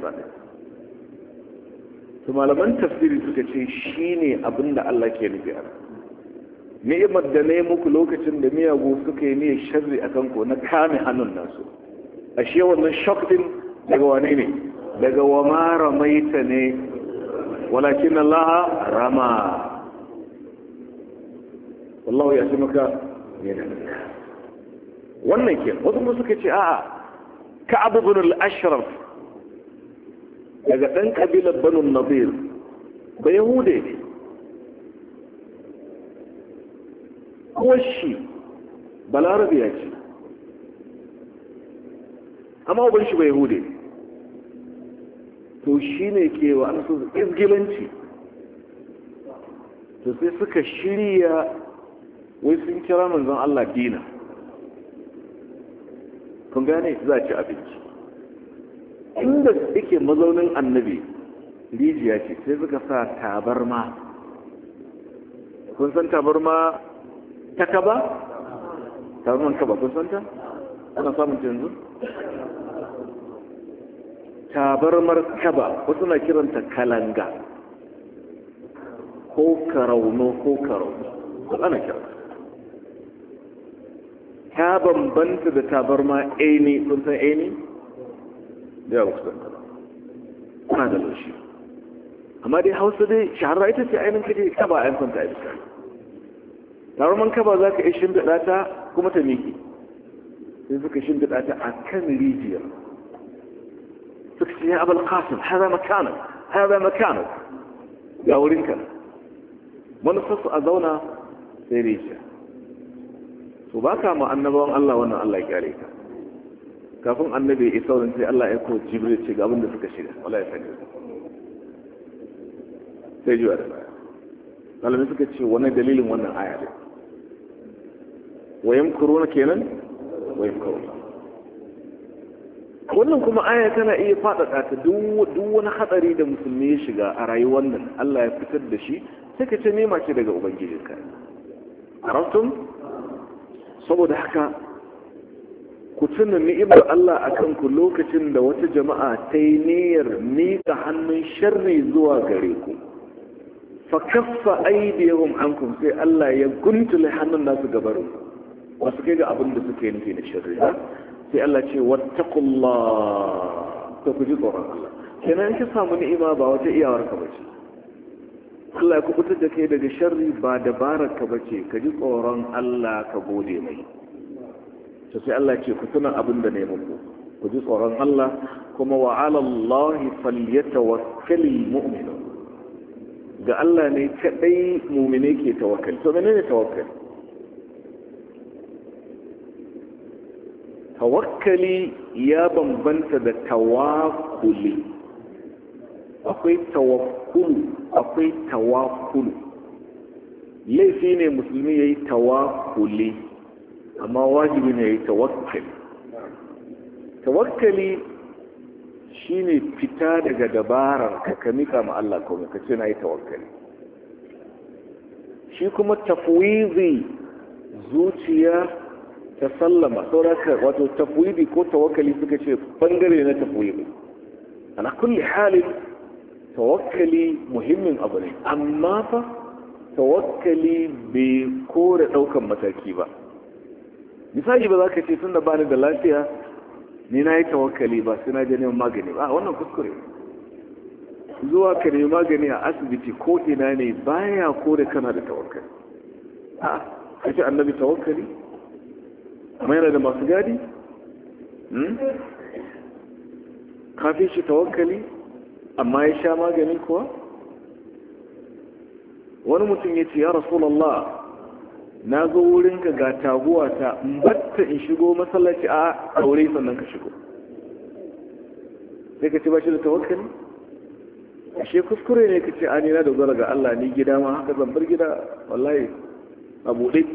su malaman tafsiri suka ce shi ne abin da Allah ke nufi a ni'imar da na yi muku lokacin da miyagu suka yi niyyar sharri a kanku na kame hannun nasu ashe wannan shock din daga wane ne daga wa mara maita ne walakin Allah rama wallahu ya ce maka ne da wannan ke wasu suka ce a'a ka abubuwan al'ashirar daga ɗan ƙabilar banu nazir ba yahude ne kuma shi balarabe ya ce amma uban shi ba yahude to shi ne ke wa an su izgilanci to sai suka shirya wai sun kira manzon Allah dina kun gane za a ci abinci inda yake mazaunin annabi rijiya ce sai suka sa tabarma kun san tabarma ta kaba tabarman kaba kun san ta ana samun yanzu tabarmar kaba wasu na kiranta kalanga ko karauno ko karauno ko ana kira ta bambanta da tabarma aini kun san aini da yawa kusa kuna da laushi amma dai hausa dai shahararra ita ce ainihin kaje kaba a yankan ta iska taron man kaba za ka yi da ta kuma ta miki sai suka shimfiɗa ta a kan rijiyar suka ce ya abal kasim haza makanar haza makanar ga wurinka manufarsu a zauna sai rijiya su ba ka ma annabawan Allah wannan Allah ya gyare ka kafin annabi ya isa wurin sai Allah ya ko jibril ce ga abin suka shiga wala ya sani sai jiwa da baya malamai suka ce wani dalilin wannan aya ne wayan kuruna kenan wayan kuruna wannan kuma aya tana iya faɗaɗa ta duk wani hatsari da musulmi ya shiga a rayuwar nan Allah ya fitar da shi sai ka ce nema ce daga ubangijinka a saboda haka ku tuna ni'imar Allah a kanku lokacin da wata jama'a ta yi niyyar miƙa hannun sharri zuwa gare ku fa kaffa aidiyahum ankum sai Allah ya guntule hannun nasu gabarin wasu kai ga abin da suke nufi da sharri ba sai Allah ce wattaqullah to ku ji tsoron Allah kenan ki samu ni'ima ba wata iyawar ka bace Allah ya kubutar da kai daga sharri ba dabarar ka bace ka ji tsoron Allah ka gode mai to sai Allah ce ku tuna abin da ne muku ku ji tsoron Allah kuma wa ala Allah falyatawakkalul mu'minu ga Allah ne kadai mu'mine ke tawakkali to menene tawakkali tawakkali ya bambanta da tawakkuli akwai tawakkulu akwai tawakkulu laifi ne musulmi ya yi tawakkuli amma wajibi ne ya yi tawakkali tawakkali shine fita daga dabarar ka ka mika ma Allah komai ka ce na yi tawakkali shi kuma tafwizi zuciya ta sallama sauraka wato tafwidi ko tawakkali suka ce bangare na tafwidi ana kulli halin tawakkali muhimmin abu ne amma fa tawakkali bai kore daukan mataki ba misali ba za ka ce tun da bani da lafiya ni na yi tawakkali ba sai na je neman magani ba wannan kuskure zuwa ka nemi magani a asibiti ko ina ne baya ko da kana da tawakkali a kace annabi tawakkali amma yana da masu gadi hmm? kafin shi tawakkali amma ya sha magani kuwa wani mutum ya ce ya rasulallah na zo wurinka ga taguwa ta batta in shigo masallaci a aure sannan ka shigo sai ka ce ba shi da tawakkali ashe kuskure ne ka ce a nina da zara ga Allah ni gida ma haka zambar gida wallahi a buɗe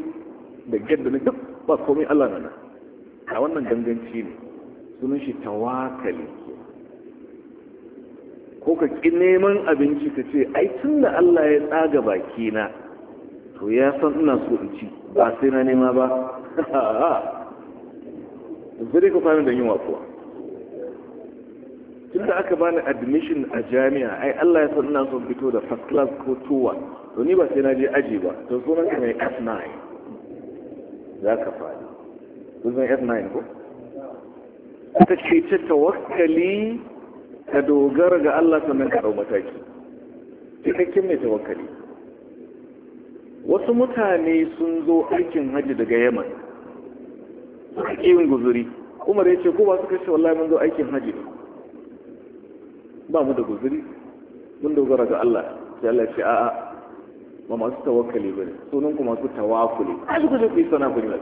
da gadda na duk ba komai Allah na a wannan ganganci ne sunan shi tawakali ko ka ƙi neman abinci ka ce ai tun da Allah ya tsaga bakina to ya san ina so in ci ba sai na nema ba zai ha fahimta yin wakuwa tun da aka bani admission a jami'a ai Allah ya san ina son fito da first class ko towa to ni ba sai na je aji ba to sunan ka mai F9 za ka kun san F9 ko ta ce ta tawakkali ka dogara ga Allah sannan ka dau mataki cikakken mai tawakkali wasu mutane sun zo aikin hajji daga yaman suka yin guzuri umar ya ce ko ba su kashe, wallahi mun zo aikin hajji ba mu da guzuri mun dogara ga Allah sai Allah ce a'a ba masu tawakkali bane sunan ku masu tawakkuli ai ku je ku yi sana ku ne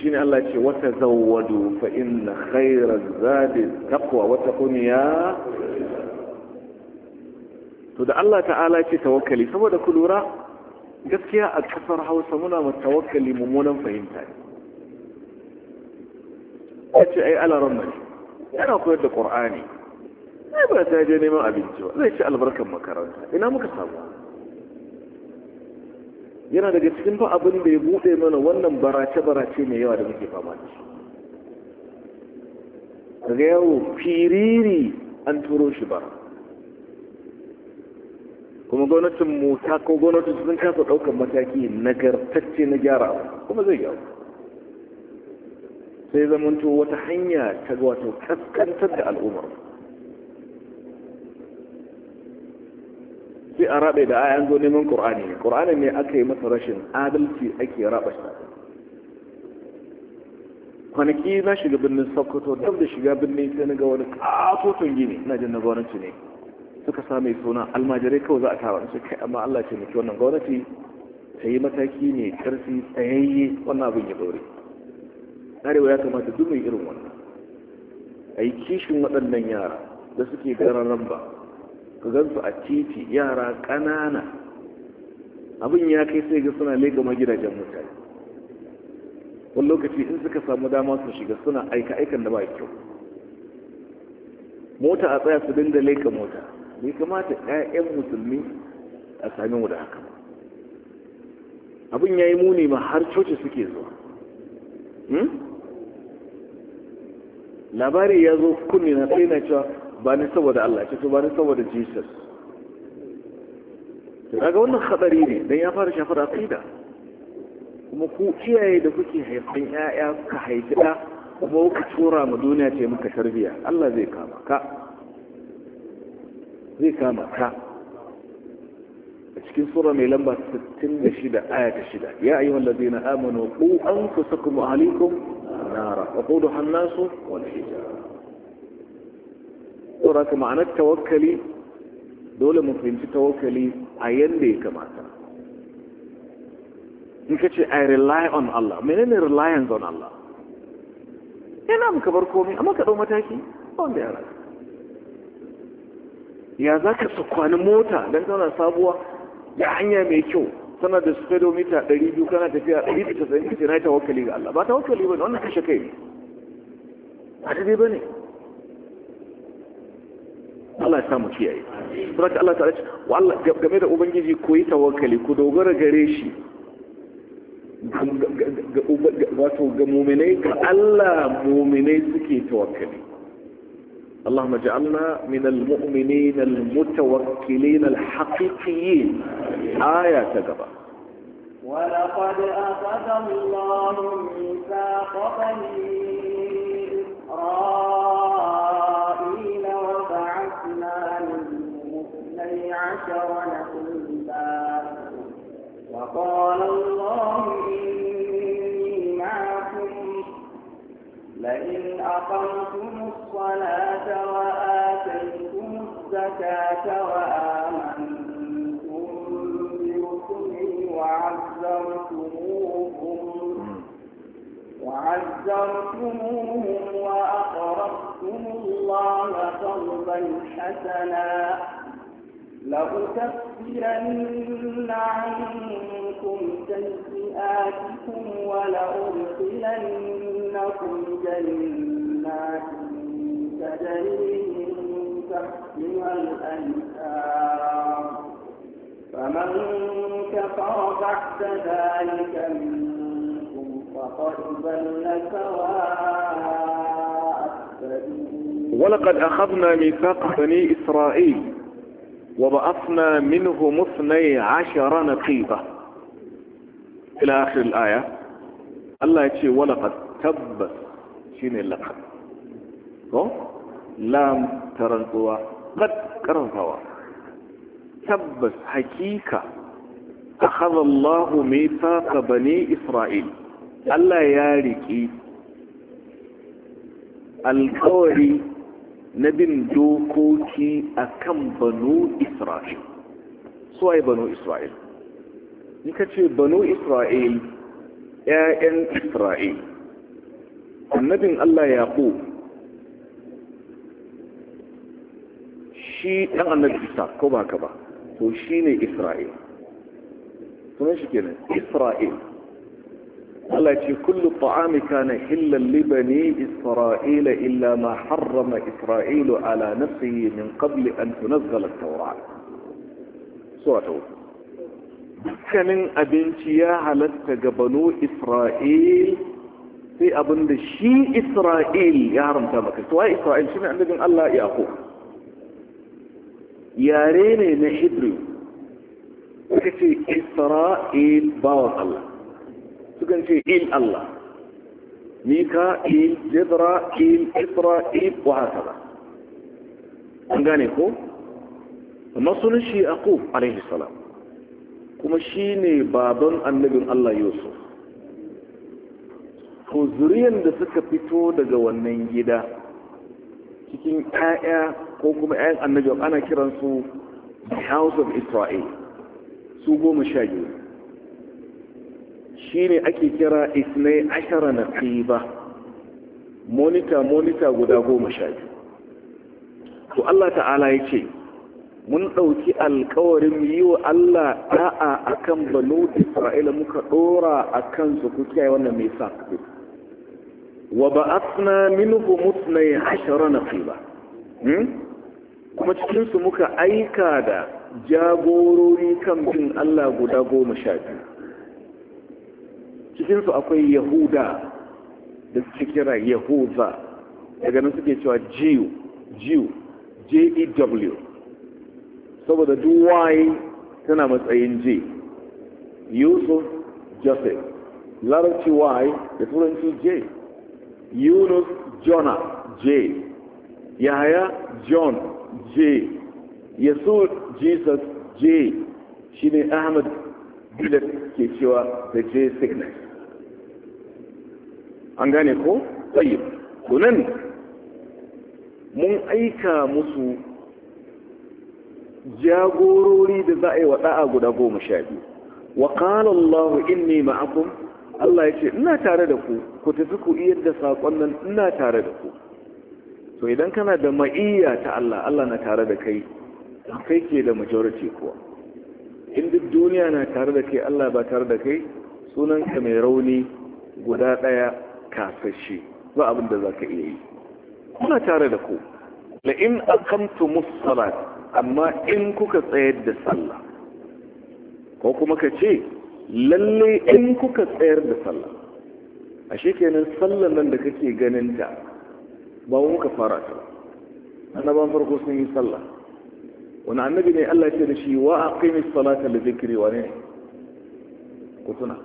shine Allah ce wata zawwadu fa inna khayra zadi taqwa wa taqunya to da Allah ta'ala ce tawakkali saboda ku lura gaskiya a kasar hausa muna ma tawakkali mummunan fahimta ya ce ai alaran mai yana koyar da ƙur'ani ai ba ta je neman abinci ba zai ci albarkan makaranta ina muka samu yana daga cikin abin da ya buɗe mana wannan barace-barace mai yawa da muke fama da shi daga yawo firiri an turo shi bara kuma gwamnatin mu ta ko gwamnatin sun kasa ɗaukar mataki nagartacce na gyara kuma zai gyara sai zamanto wata hanya ta wato kaskantar da al'ummar sai a rabe da ayan zo neman ƙur'ani ne ƙur'ani ne aka yi masa rashin adalci ake raba shi kwanaki na shiga birnin sokoto don da shiga birnin sai na ga wani katoton gini ina jin na gwamnati ne suka same suna almajirai kawai za a tara su kai amma Allah ce miki wannan gwamnati ta yi mataki ne karfi tsayayye wannan abin ya dore arewa ya kamata duk mai irin wannan a yi kishin waɗannan yara da suke gararan ba ka gan su a titi yara ƙanana abin ya kai sai ga suna ma gidajen mutane wani lokaci in suka samu dama su shiga suna aika aikan da ba kyau mota a tsaya su dinga leka mota bai kamata 'ya'yan musulmi a sami mu da haka abin ya yi muni ma har coci suke zuwa hmm? labari ya zo kunni na tsaye na cewa ba ni saboda Allah ce ba ni saboda Jesus daga wannan hadari ne don ya fara shafar aqida kuma ku iyaye da kuke haifan 'ya'ya ka haifi ɗa kuma kuka tura ma duniya ce muka tarbiya Allah zai kama ka zai kama ka a cikin sura mai lamba 66 aya ta 6 ya ayyuhal ladina amanu qu anfusakum wa ahlikum nara wa quduha an-nas wal hijara sura kuma ma'anar tawakkali dole mu fahimci tawakkali a yanda ya kamata in ka ce i rely on Allah menene reliance on Allah yana muka bar komai amma ka ɗau mataki wanda ya rasu? ya za ka sakwani mota don tana sabuwa ya hanya mai kyau tana da speedometer 200 kana tafiya 190 kace na tawakkali ga Allah ba tawakkali bane wannan kashe kai ne ba dai bane Allah ya samu kiyaye saboda Allah ta ce wallahi game da ubangiji koyi yi tawakkali ku dogara gare shi wato ga muminai ga Allah muminai suke tawakkali اللهم اجعلنا من المؤمنين المتوكلين الحقيقيين آية تقبل ولقد أخذ الله ميثاق بني إسرائيل وبعثنا منهم اثني عشر نقيبا وقال الله إني معكم لئن أقمتم الصلاة وآتيتم الزكاة وآمنتم برسلي وعزرتموهم وعزرتموهم وأقرضتم الله قرضا حسنا لأكفرن عنكم سيئاتكم ولأدخلنكم جنات تحتها الأنهار فمن كفر بعد ذلك منكم فقد ضل سواء ولقد أخذنا ميثاق بني إسرائيل وبعثنا منهم اثني عشر نقيبة إلى آخر الآية الله يتشي ولقد تب شين اللقب lam tarantsuwa qad karantawa tabbas hakika akhadha Allahu mithaqa bani Isra'il Allah ya riki alkawari na bin dokoki akan banu Isra'il suwaye banu Isra'il in ka ce banu Isra'il ‘ya'yan Isra'il annabin Allah yaƙo شيء هذا النبي إسحاق كبا كبا توشيني إسرائيل تمشي طيب كذا إسرائيل التي كل الطعام كان حلا لبني إسرائيل إلا ما حرم إسرائيل على نفسه من قبل أن تنزل التوراة سورة كان أبنتيا على تقبلوا إسرائيل في أبن الشيء إسرائيل يا رمتا مكتوا إسرائيل شمع عندكم الله يا أخوه yare ne na hebrew suka ce isra'il bawan allah suka ce il allah Mika il jibra'il isra'il wa haka ba an gane ko amma sunan shi aqub alaihi salam kuma shi ne baban annabin allah yusuf ko zuriyan da suka fito daga wannan gida cikin 'ya'ya ko kuma 'yan annabi ana kiransu house of israel su goma sha biyu shi ne ake kira isnai ashara na ƙiba monita monita guda goma sha biyu to allah ta'ala ya ce mun ɗauki alkawarin yi wa allah ɗa'a a kan banu isra'ila muka ɗora a kansu ku kiyaye wannan mai sa wa ba'athna minhum mutnai ashara na ƙiba hmm? kuma cikinsu muka aika da jagorori kan bin Allah guda goma sha biyu cikinsu akwai yahuda da suke kira yahuza daga nan suke cewa jiyu jiyu j-e-w e saboda duwaye tana matsayin j yusuf joseph larabci y da turanci j yunus jona j yahaya john j Yesu jesus j shine ahmad bilat ke cewa da j sickness an gane ko tsaye tunan mun aika musu jagorori da za a yi waɗa a guda goma sha biyu wa ƙalar allahu inni ma'akum allah ya ce ina tare da ku ku tafi ku iya da saƙon nan ina tare da ku to idan kana da ma'iyya ta Allah Allah na tare da kai kai ke da majority kuwa in duk duniya na tare da kai Allah ba tare da kai sunan ka mai rauni guda daya kasashe ba abin da zaka iya yi kuna tare da ku la in aqamtu musallat amma in kuka tsayar da sallah ko kuma ka ce lalle in kuka tsayar da sallah ashe kenan sallan nan da kake ganin ta ba mu muka fara ta annaban farko sun yi sallah wani annabi ne Allah ce da shi wa aqimi salata li dhikri wa ne ku tuna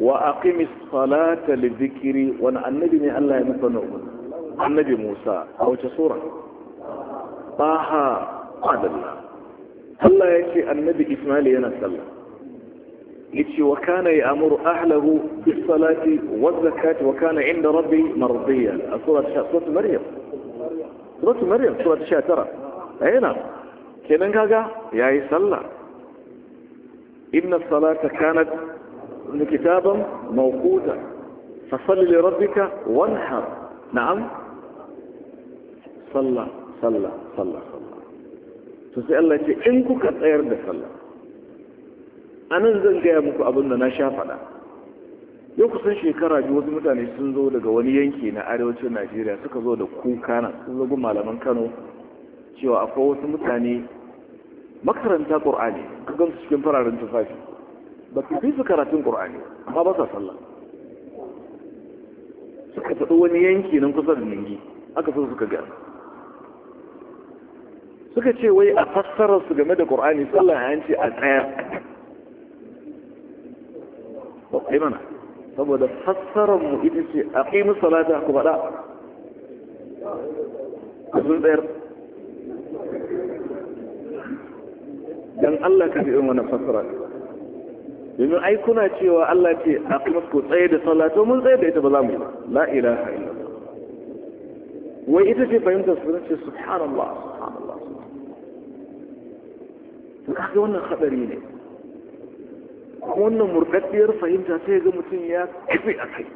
wa aqimi salata li dhikri wani annabi ne Allah ya nufa na annabi Musa a wace sura Baha adalla Allah ya ce annabi Ismail yana sallah لكي وكان يأمر أهله بالصلاة والزكاة وكان عند ربي مرضيا سورة مريم سورة مريم سورة شاترة أين نعم. كنن قاقا يا يسلى إن الصلاة كانت كتابا موقودا فصل لربك وانحر نعم صلى صلى صلى صلى تسأل لك إنك قد أيرد صلى, صلى, صلى, صلى, صلى, صلى, صلى, صلى a nan zan gaya muku abin da na sha faɗa yau kusan shekara biyu wasu mutane sun zo daga wani yanki na arewacin najeriya suka zo da kuka na sun zo malaman kano cewa akwai wasu mutane makaranta ƙur'ani ka gamsu cikin fararen tufafi ba su fi su karatun ƙur'ani amma ba sa sallah suka faɗi wani yanki nan kusa da ningi aka so suka gaya suka ce wai a fassarar su game da ƙur'ani sallah a yanci a tsaya وقيمنا فبدا فسر المؤيدس أقيم الصلاة كبراء أسول بير جان الله كفي أمنا فسر لما أي كنا تيوى الله تي أقيم قيد صلاة ومن غير بيت بلا لا إله إلا الله وإذا فهمت الصلاة سبحان الله سبحان الله سبحان الله فكاك يوانا wannan murɗaɗɗiyar fahimta sai ga mutum ya kafe a kai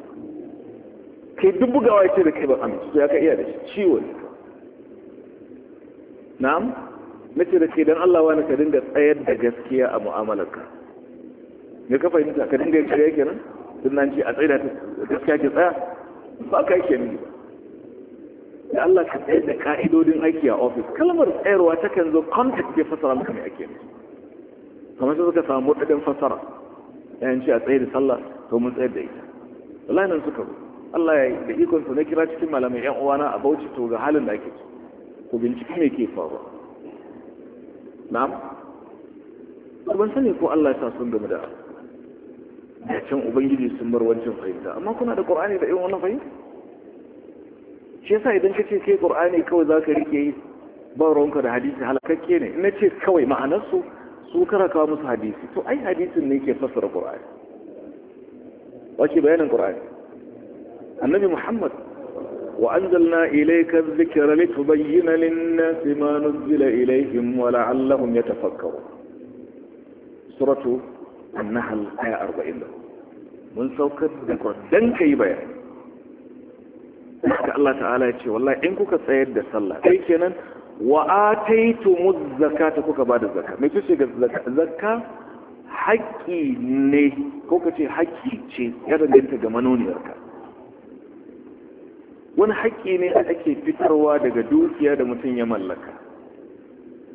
kai duk bugawa ya ce da kai ba amince to ya ka iya da shi ciwo ne na'am ce da kai don Allah wani ka dinga tsayar da gaskiya a mu'amalarka me ka fahimta ka dinga yin kariya kenan tun nan ce a tsayar da gaskiya ke tsaya ba ka yake ne da Allah ka tsayar da ka'idodin aiki a ofis kalmar tsayarwa ta kan zo contact ke fasara maka mai ake nufi kamar suka samu ɗaɗin fasara yayin ce a tsaye da sallah to mun tsaye da ita wallahi nan suka Allah ya da ikon su na kira cikin malamai yan uwana a Bauchi to ga halin da ake ci ku binciki me ke faruwa na'am ban sani ko Allah ya sa sun gama da da can ubangiji sun bar wancan fahimta amma kuna da qur'ani da irin wannan fahimta shi yasa idan ka ce kai qur'ani kawai zaka rike ba ruwanka da hadisi halakakke ne in ce kawai ma'anar su. su kara kawo musu hadisi to ai hadisin ne ke fassara qur'ani wace bayanin qur'ani annabi muhammad وأنزلنا إليك الذكر لتبين للناس ما نزل إليهم ولعلهم يتفكرون سورة النحل آية 40 من سوكت ذكر دنك يبين haka Allah ta'ala ce wallahi in kuka tsayar da sallah kai kenan wa muz zakata kuka bada zakka me kace ga zakka zakka haƙi ne ko kace haƙi ce ya danganta ga manoniyarka wani haƙi ne da ake fitarwa daga dukiya da mutum ya mallaka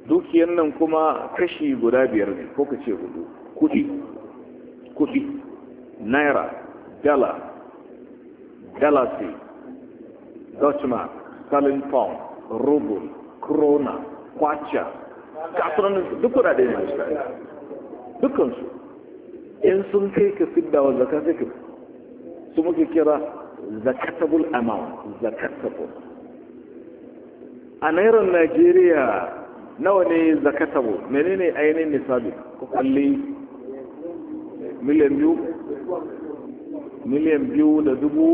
dukiyar nan kuma kashi guda biyar ne ko kace hudu kudi kudi naira dala dalasi dutchmark sterling pound ruble krona kwacha kasuwannin duk kudade ne su tare dukansu in sun kai ka fidda wa zaka sai ka su muke kira zakatabul amount zakatabul a nairar najeriya nawa ne zakatabo menene ainihin nisabi ko kalli miliyan biyu miliyan biyu da dubu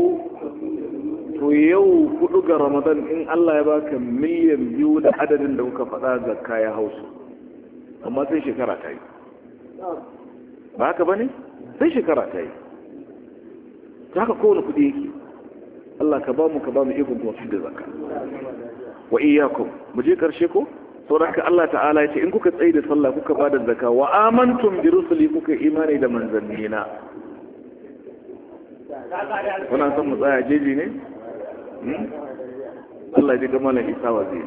to yau kudu ga ramadan in Allah ya baka miliyan biyu da adadin da kuka faɗa ga kaya hausu amma sai shekara ta yi ba haka ba ne sai shekara ta yi ta haka kowane kudi yake Allah ka ba mu ka ba mu ikon kuma da zaka wa iyakum mu je karshe ko saboda haka Allah ta'ala ya ce in kuka tsaye da sallah kuka ba da zaka wa amantum bi rusuli kuka imani da manzannina kuna son mu tsaya jeji ne Allah ji ga mana isa waje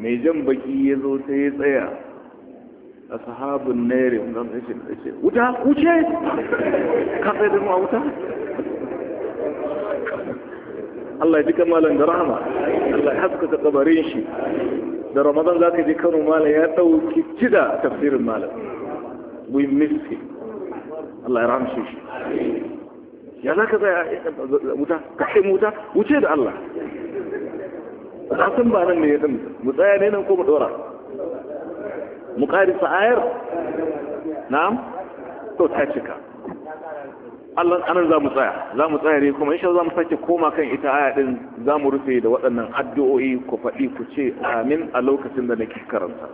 mai jan baki ya zo ta ya tsaya a sahabin naira don rashin rashe wuta wuce ka tsaye da ma wuta Allah ya ji kamalan da rahama Allah ya haskaka kabarin shi da ramadan za ka ji kano mala ya ɗauki cida tafsirin malam we miss him Allah ya ramshe shi ya za ka zai wuta ka kai wuta wuce da Allah san ba nan ne ya ɗin mu tsaya ne nan ko mu ɗora mu ƙari sa'ayar na'am to ta cika Allah anan za mu tsaya za mu tsaya ne kuma insha za mu sake koma kan ita aya din za mu rufe da waɗannan addu'o'i ku faɗi ku ce amin a lokacin da nake karanta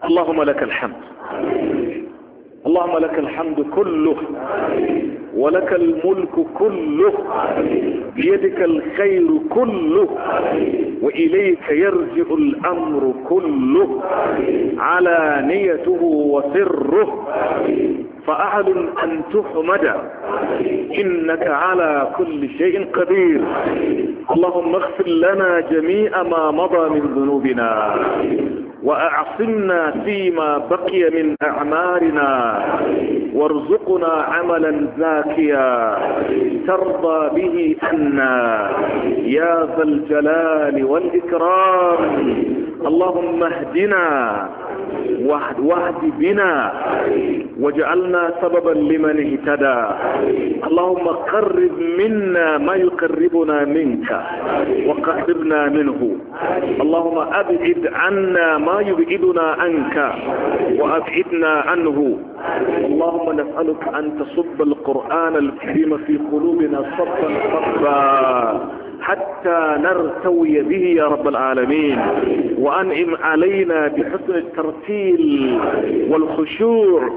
اللهم لك الحمد اللهم لك الحمد كله ولك الملك كله بيدك الخير كله وإليك يرجع الأمر كله علانيته وسره فأعل أن تحمد إنك على كل شيء قدير اللهم اغفر لنا جميع ما مضى من ذنوبنا وأعصمنا فيما بقي من أعمارنا وارزقنا عملا زاكيا ترضى به أنا يا ذا الجلال والإكرام اللهم اهدنا واهد, واهد بنا واجعلنا سببا لمن اهتدى اللهم قرب منا ما يقربنا منك وقربنا منه اللهم أبعد عنا ما يبعدنا عنك وأبعدنا عنه اللهم نسألك أن تصب القرآن الكريم في قلوبنا صبا صبا حتى نرتوي به يا رب العالمين وأنعم علينا بحسن الترتيل والخشوع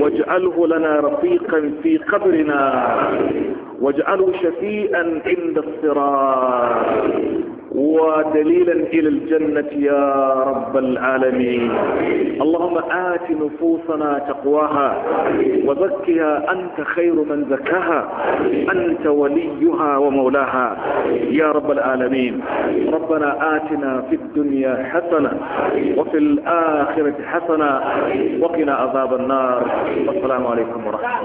واجعله لنا رفيقا في قبرنا واجعله شفيئا عند الصراط ودليلا إلى الجنة يا رب العالمين اللهم آت نفوسنا تقواها وزكها أنت خير من زكاها أنت وليها ومولاها يا رب العالمين ربنا آتنا في الدنيا حسنة وفي الآخرة حسنة وقنا عذاب النار والسلام عليكم ورحمة الله